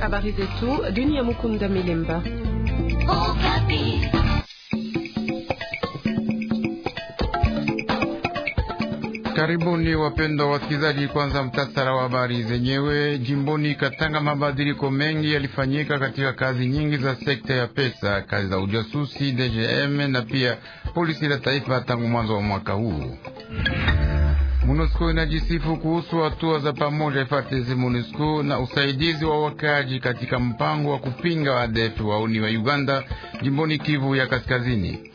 Habari zetu dunia. Mukunda Milemba. Karibuni wapendwa wasikilizaji, kwanza mtasara wa habari zenyewe. Jimboni Katanga, mabadiliko mengi yalifanyika katika kazi nyingi za sekta ya pesa, kazi za ujasusi DGM na pia polisi la taifa tangu mwanzo wa mwaka huu. MONUSCO inajisifu kuhusu hatua za pamoja FARDC MONUSCO na usaidizi wa wakaji katika mpango wa kupinga wadefu wauni wa Uganda jimboni Kivu ya Kaskazini.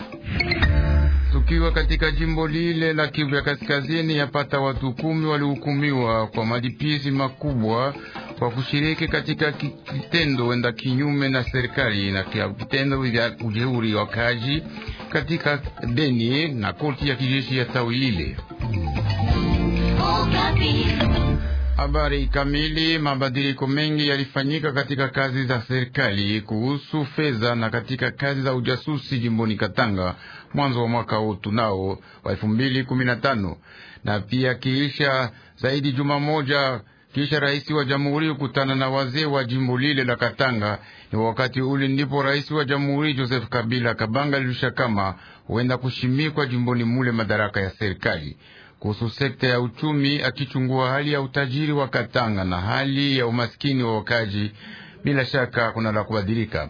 Tukiwa katika jimbo lile la Kivu ya Kaskazini, yapata watu kumi walihukumiwa kwa malipizi makubwa kwa kushiriki katika kitendo wenda kinyume na serikali na vitendo vya ujeuri wakaji katika deni na koti ya kijeshi ya tawi lile. Habari kamili. Mabadiliko mengi yalifanyika katika kazi za serikali kuhusu fedha na katika kazi za ujasusi jimboni Katanga mwanzo wa mwaka huu tunao wa elfu mbili kumi na tano na pia kiisha zaidi juma moja kisha rais wa jamhuri kukutana na wazee wa jimbo lile la Katanga. Ni wakati ule ndipo rais wa jamhuri Joseph Kabila Kabanga lilusha kama huenda kushimikwa jimboni mule madaraka ya serikali kuhusu sekta ya uchumi, akichungua hali ya utajiri wa Katanga na hali ya umaskini wa wakaji. Bila shaka kuna la kubadilika.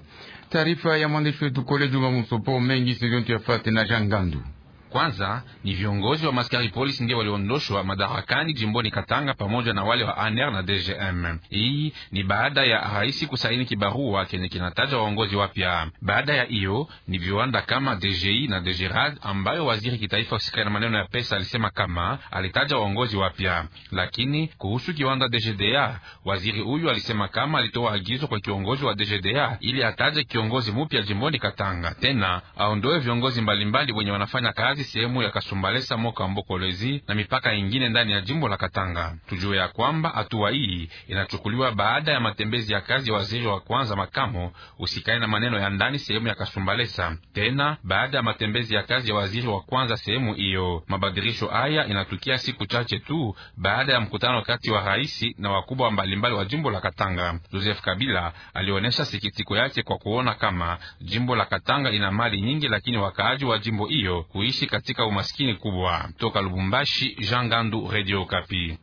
Taarifa ya mwandishi wetu Kole Juma Musopo mengi sivyontu yafate na Jangandu. Kwanza ni viongozi wa maskari polisi ndio waliondoshwa madarakani jimboni Katanga pamoja na wale wa ANR na DGM. Hii ni baada ya rais kusaini kibarua kenye kinataja waongozi wapya. Baada ya hiyo ni viwanda kama DGI na DGRAD ambayo waziri kitaifa usikae na maneno ya pesa alisema kama alitaja waongozi wapya, lakini kuhusu kiwanda DGDA waziri huyu alisema kama alitoa agizo kwa kiongozi wa DGDA ili ataje kiongozi mupya jimboni Katanga, tena aondoe viongozi mbalimbali wenye wanafanya kazi hadi sehemu ya Kasumbalesa, Moka, Mbokolezi na mipaka ingine ndani ya jimbo la Katanga. Tujue ya kwamba hatua hii inachukuliwa baada ya matembezi ya kazi ya waziri wa kwanza makamo usikani na maneno ya ndani sehemu ya Kasumbalesa, tena baada ya matembezi ya kazi ya waziri wa kwanza sehemu hiyo. Mabadilisho haya inatukia siku chache tu baada ya mkutano kati wa raisi na wakubwa mbalimbali wa jimbo la Katanga. Joseph Kabila alionyesha sikitiko yake kwa kuona kama jimbo la Katanga ina mali nyingi, lakini wakaaji wa jimbo hiyo kuishi katika umaskini kubwa. Toka Lubumbashi, Jean Gandu, Radio Kapi.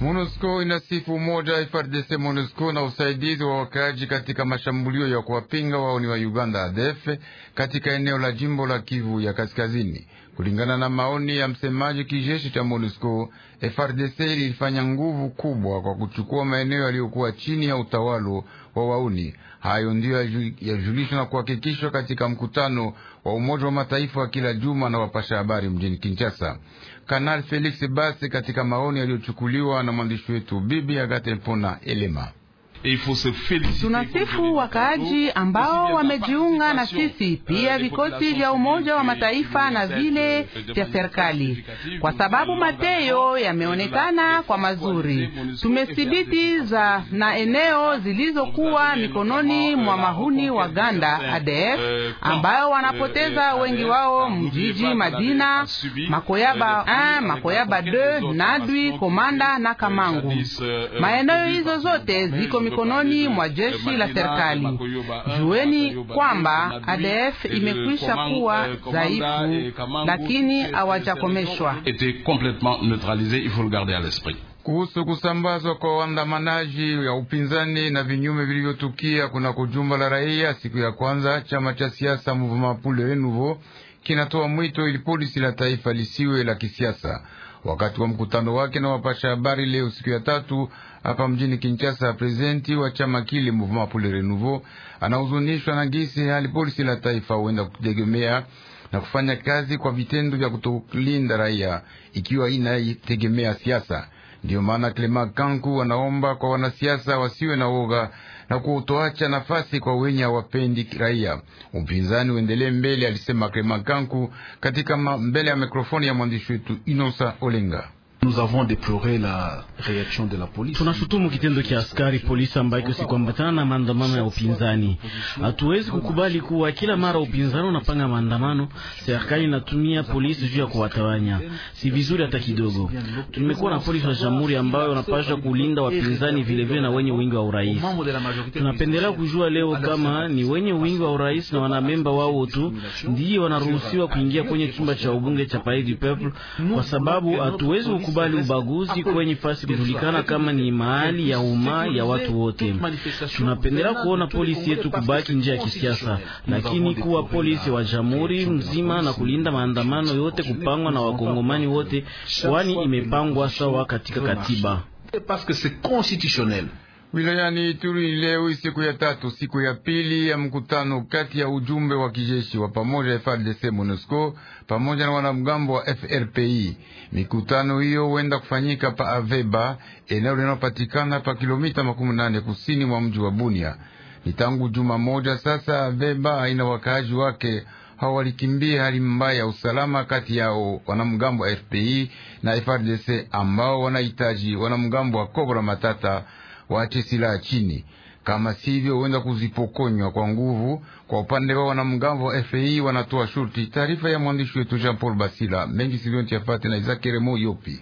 MONUSCO inasifu umoja wa FRDC MONUSCO na usaidizi wa wakaaji katika mashambulio ya kuwapinga waoni wa Uganda ADF katika eneo la jimbo la Kivu ya Kaskazini. Kulingana na maoni ya msemaji kijeshi cha MONUSCO, FRDC ilifanya nguvu kubwa kwa kuchukua maeneo yaliyokuwa chini ya utawalo wa wauni. Hayo ndiyo yajulishwa na kuhakikishwa katika mkutano wa Umoja wa Mataifa wa kila juma na wapasha habari mjini Kinshasa. Kanal Felix Basi, katika maoni yaliyochukuliwa na mwandishi wetu Bibi Agate Mpona Elema. Tunasifu wakaaji ambao wamejiunga na sisi, euh, pia vikosi vya Umoja wa Mataifa na vile vya serikali, kwa sababu mateyo yameonekana kwa mazuri. Tumethibiti za na eneo zilizokuwa mikononi mwa euh, mahuni wa Ganda ADF, ambayo wanapoteza euh, wengi wao mjiji Madina, Makoyaba 1, Makoyaba 2, Nadwi, Komanda na Kamangu. Maeneo hizo zote ziko mikononi mwa jeshi la serikali. Jueni kwamba ADF imekwisha kuwa dhaifu, lakini hawajakomeshwa kuhusu kusambazwa kwa waandamanaji ya upinzani na vinyume vilivyotukia kuna kujumba la raia siku ya kwanza chama cha siasa Mouvement pour le Renouveau kinatoa mwito ili polisi la taifa lisiwe la kisiasa. Wakati wa mkutano wake na wapasha habari leo siku ya tatu hapa mjini Kinshasa, prezidenti wa chama kile Mouvement pour le Renouveau anahuzunishwa na gisi hali polisi la taifa huenda kutegemea na kufanya kazi kwa vitendo vya kutolinda raia ikiwa inaitegemea siasa. Ndiyo maana Clement Kanku anaomba kwa wanasiasa wasiwe na woga na kutoacha nafasi kwa wenye hawapendi raia. Upinzani uendelee mbele, alisema Clement Kanku katika mbele ya mikrofoni ya mwandishi wetu Inosa Olenga. Tunashutumu kitendo cha askari polisi ambacho si kuambatana na maandamano ya upinzani. Hatuwezi kukubali kuwa kila mara upinzani unapanga maandamano, serikali inatumia polisi juu ya kuwatawanya. Si vizuri hata kidogo. Tumekuwa na polisi wa jamhuri ambayo wanapaswa kulinda wapinzani vilevile na wenye wingi wa urais. Tunapendelea kujua leo kama ni wenye wingi wa urais na wanamemba wao tu ndiyo wanaruhusiwa kuingia kwenye chumba cha ubunge cha Palais du Peuple, kwa sababu hatuwezi kukubali ubaguzi kwenye fasi kujulikana kama ni mahali ya umma ya watu wote. Tunapendelea kuona polisi yetu kubaki nje ya kisiasa, lakini kuwa polisi wa jamhuri mzima na kulinda maandamano yote kupangwa na wakongomani wote, kwani imepangwa sawa katika katiba wilayani Ituri leo siku ya tatu, siku ya pili ya mkutano kati ya ujumbe wa kijeshi wa pamoja FARDC MONUSCO pamoja na wanamgambo wa FRPI. Mikutano hiyo huenda kufanyika pa Aveba, eneo linalopatikana pa kilomita makumi nane kusini mwa mji wa Bunia. Ni tangu juma moja sasa, Aveba haina wakaaji wake hawalikimbia hali mbaya ya usalama kati yao wanamgambo wa FPI na FRDC ambao wanahitaji wanamgambo wa Kobra Matata waache silaha chini, kama sivyo huenda kuzipokonywa kwa nguvu. Kwa upande wao wanamgambo wa FAI wanatoa shurti. Taarifa ya mwandishi wetu Jean Paul Basila mengi sivyontiafati na na Remo Yopi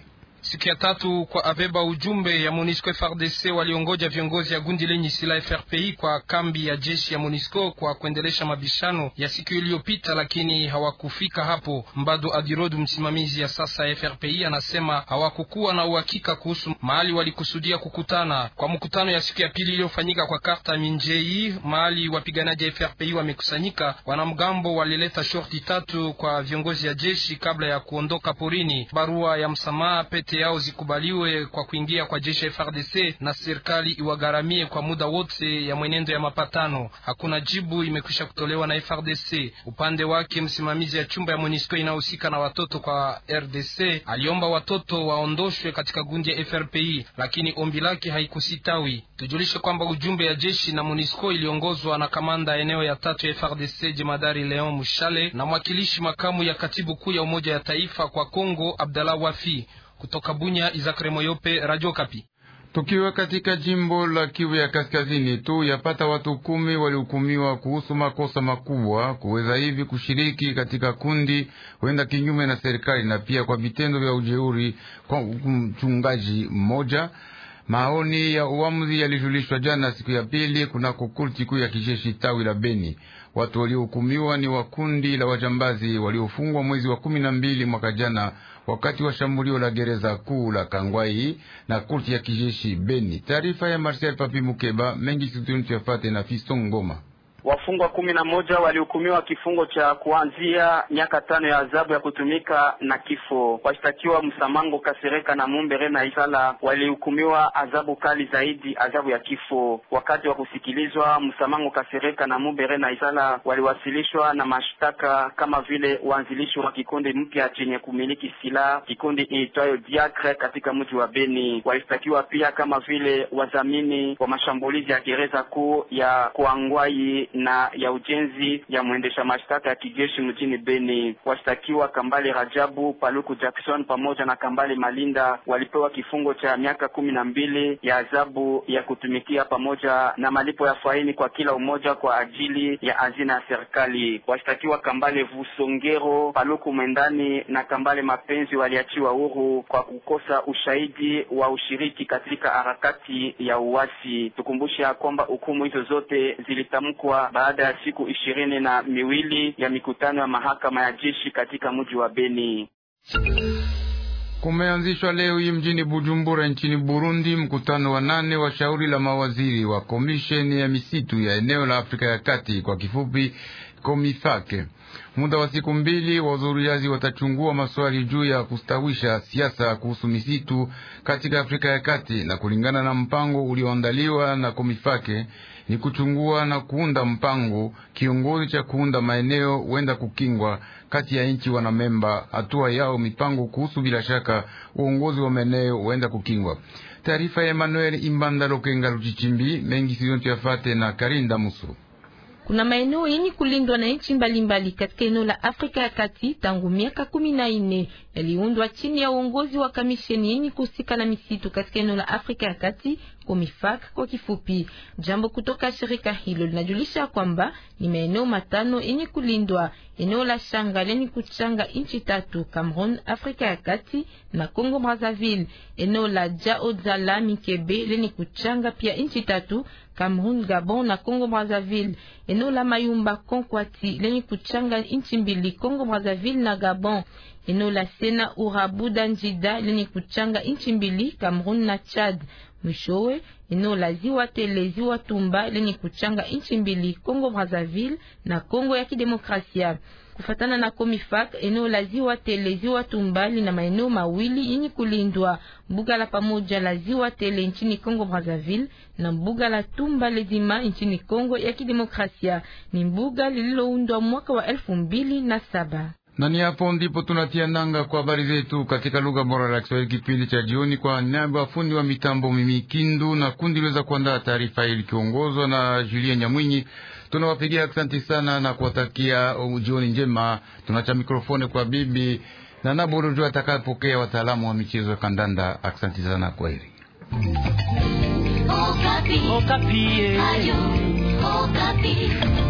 siku ya tatu kwa abeba ujumbe ya MONUSCO frdc waliongoja viongozi ya gundi lenye silaha FRPI kwa kambi ya jeshi ya MONUSCO kwa kuendelesha mabishano ya siku iliyopita, lakini hawakufika hapo. Mbado Adirod, msimamizi ya sasa ya FRPI, anasema hawakukuwa na uhakika kuhusu mahali walikusudia kukutana kwa mkutano ya siku ya pili iliyofanyika kwa karta Minjei, mahali wapiganaji ya FRPI wamekusanyika. Wanamgambo walileta shorti tatu kwa viongozi ya jeshi kabla ya kuondoka porini, barua ya msamaha pete yao zikubaliwe kwa kuingia kwa jeshi ya FARDC na serikali iwagharamie kwa muda wote ya mwenendo ya mapatano. Hakuna jibu imekwisha kutolewa na frdc Upande wake, msimamizi ya chumba ya MONUSCO inayohusika na watoto kwa RDC aliomba watoto waondoshwe katika gundi ya FRPI, lakini ombi lake haikusitawi. Tujulishe kwamba ujumbe ya jeshi na MONUSCO iliongozwa na kamanda eneo ya tatu ya frdc jemadari Leon Mushale na mwakilishi makamu ya katibu kuu ya Umoja ya Taifa kwa Kongo Abdallah Wafi. Kutoka Bunya, Izakre Moyope, Radio Kapi. Tukiwa katika jimbo la Kivu ya kaskazini tu, yapata watu kumi walihukumiwa kuhusu makosa makubwa, kuweza hivi kushiriki katika kundi huenda kinyume na serikali na pia kwa vitendo vya ujeuri kwa mchungaji mmoja. Maoni ya uamuzi yalijulishwa jana siku ya pili kunako kurti kuu ya kijeshi tawi la Beni. Watu waliohukumiwa ni wa kundi la wajambazi waliofungwa mwezi wa kumi na mbili mwaka jana wakati wa shambulio la gereza kuu la Kangwai na kurti ya kijeshi Beni. Taarifa ya marsial Papi Mukeba mengi kituni tuyafate na Fiston Ngoma. Wafungwa kumi na moja walihukumiwa kifungo cha kuanzia miaka tano ya adhabu ya kutumika na kifo. Washtakiwa Msamango, Kasereka na Mumbere na Isala walihukumiwa adhabu kali zaidi, adhabu ya kifo. Wakati wa kusikilizwa, Msamango, Kasereka na Mumbere na Isala waliwasilishwa na mashtaka kama vile uanzilishi wa kikundi mpya chenye kumiliki silaha, kikundi iitwayo Diakre katika mji wa Beni. Walishtakiwa pia kama vile wadhamini wa mashambulizi ya gereza kuu ya Kuangwai na ya ujenzi ya mwendesha mashtaka ya kijeshi mjini Beni. Washtakiwa Kambale Rajabu Paluku Jackson pamoja na Kambale Malinda walipewa kifungo cha miaka kumi na mbili ya adhabu ya kutumikia pamoja na malipo ya faini kwa kila umoja kwa ajili ya hazina ya serikali. Washtakiwa Kambale Vusongero Paluku Mwendani na Kambale Mapenzi waliachiwa huru kwa kukosa ushahidi wa ushiriki katika harakati ya uasi. Tukumbushe ya kwamba hukumu hizo zote zilitamkwa baada ya siku ishirini na miwili ya mikutano ya mahakama ya jeshi katika mji wa Beni kumeanzishwa leo hii mjini Bujumbura nchini Burundi mkutano wa nane wa shauri la mawaziri wa komisheni ya misitu ya eneo la Afrika ya Kati, kwa kifupi Komifake. Muda wa siku mbili, wahudhuriaji watachungua maswali juu ya kustawisha siasa kuhusu misitu katika Afrika ya Kati, na kulingana na mpango ulioandaliwa na Komifake, ni kuchungua na kuunda mpango kiongozi cha kuunda maeneo wenda kukingwa kati ya nchi wanamemba, hatua yao mipango kuhusu bila shaka uongozi wa maeneo wenda kukingwa. Taarifa ya Emmanuel Imbanda Lokenga Luchichimbi mengi sizontu yafate na Karinda Musu. Kuna maeneo yenye kulindwa na nchi mbalimbali katika eneo la Afrika ya Kati tangu miaka kumi na nne yaliundwa chini ya uongozi wa kamisheni yenye kuhusika na misitu katika eneo la Afrika ya Kati, Komifak kwa kifupi. Jambo kutoka shirika hilo linajulisha kwamba ni maeneo matano yenye kulindwa: eneo la shanga lenye kuchanga nchi tatu, Cameroon, Afrika ya Kati na Congo Brazzaville; eneo la Jaodzala Mikebe lenye kuchanga pia nchi tatu cameroun Gabon na Congo Brazzaville. Eneo la Mayumba Konkwati lenye kuchanga nchi mbili Congo Brazzaville na Gabon. Eneo la Sena Urabuda Njida lenye kuchanga nchi mbili Cameroon na Chad. Mwishowe, eneo la Ziwa Tele Ziwa Tumba lenye kuchanga nchi mbili Congo Brazzaville na Congo ya Kidemokrasia kufatana na Komifak, eneo la ziwa Tele, ziwa Tumbali na maeneo mawili yenye kulindwa, mbuga la pamoja la ziwa Tele nchini congo Brazzaville na mbuga la Tumbali Dima nchini congo ya Kidemokrasia. Ni mbuga lililoundwa mwaka wa elfu mbili na saba na ni hapo ndipo tunatia nanga kwa habari zetu katika lugha bora la Kiswahili, kipindi cha jioni, kwa niaba ya fundi wa mitambo mimi Kindu na kundi liweza kuandaa taarifa hii likiongozwa na Julia Nyamwinyi tunawapigia asanti sana na kuwatakia jioni njema. Tunacha mikrofoni kwa bibi na Naburuju atakayepokea wataalamu wa michezo ya kandanda. Asanti sana, kwaheri. Okapi. Oh, Okapi. Oh,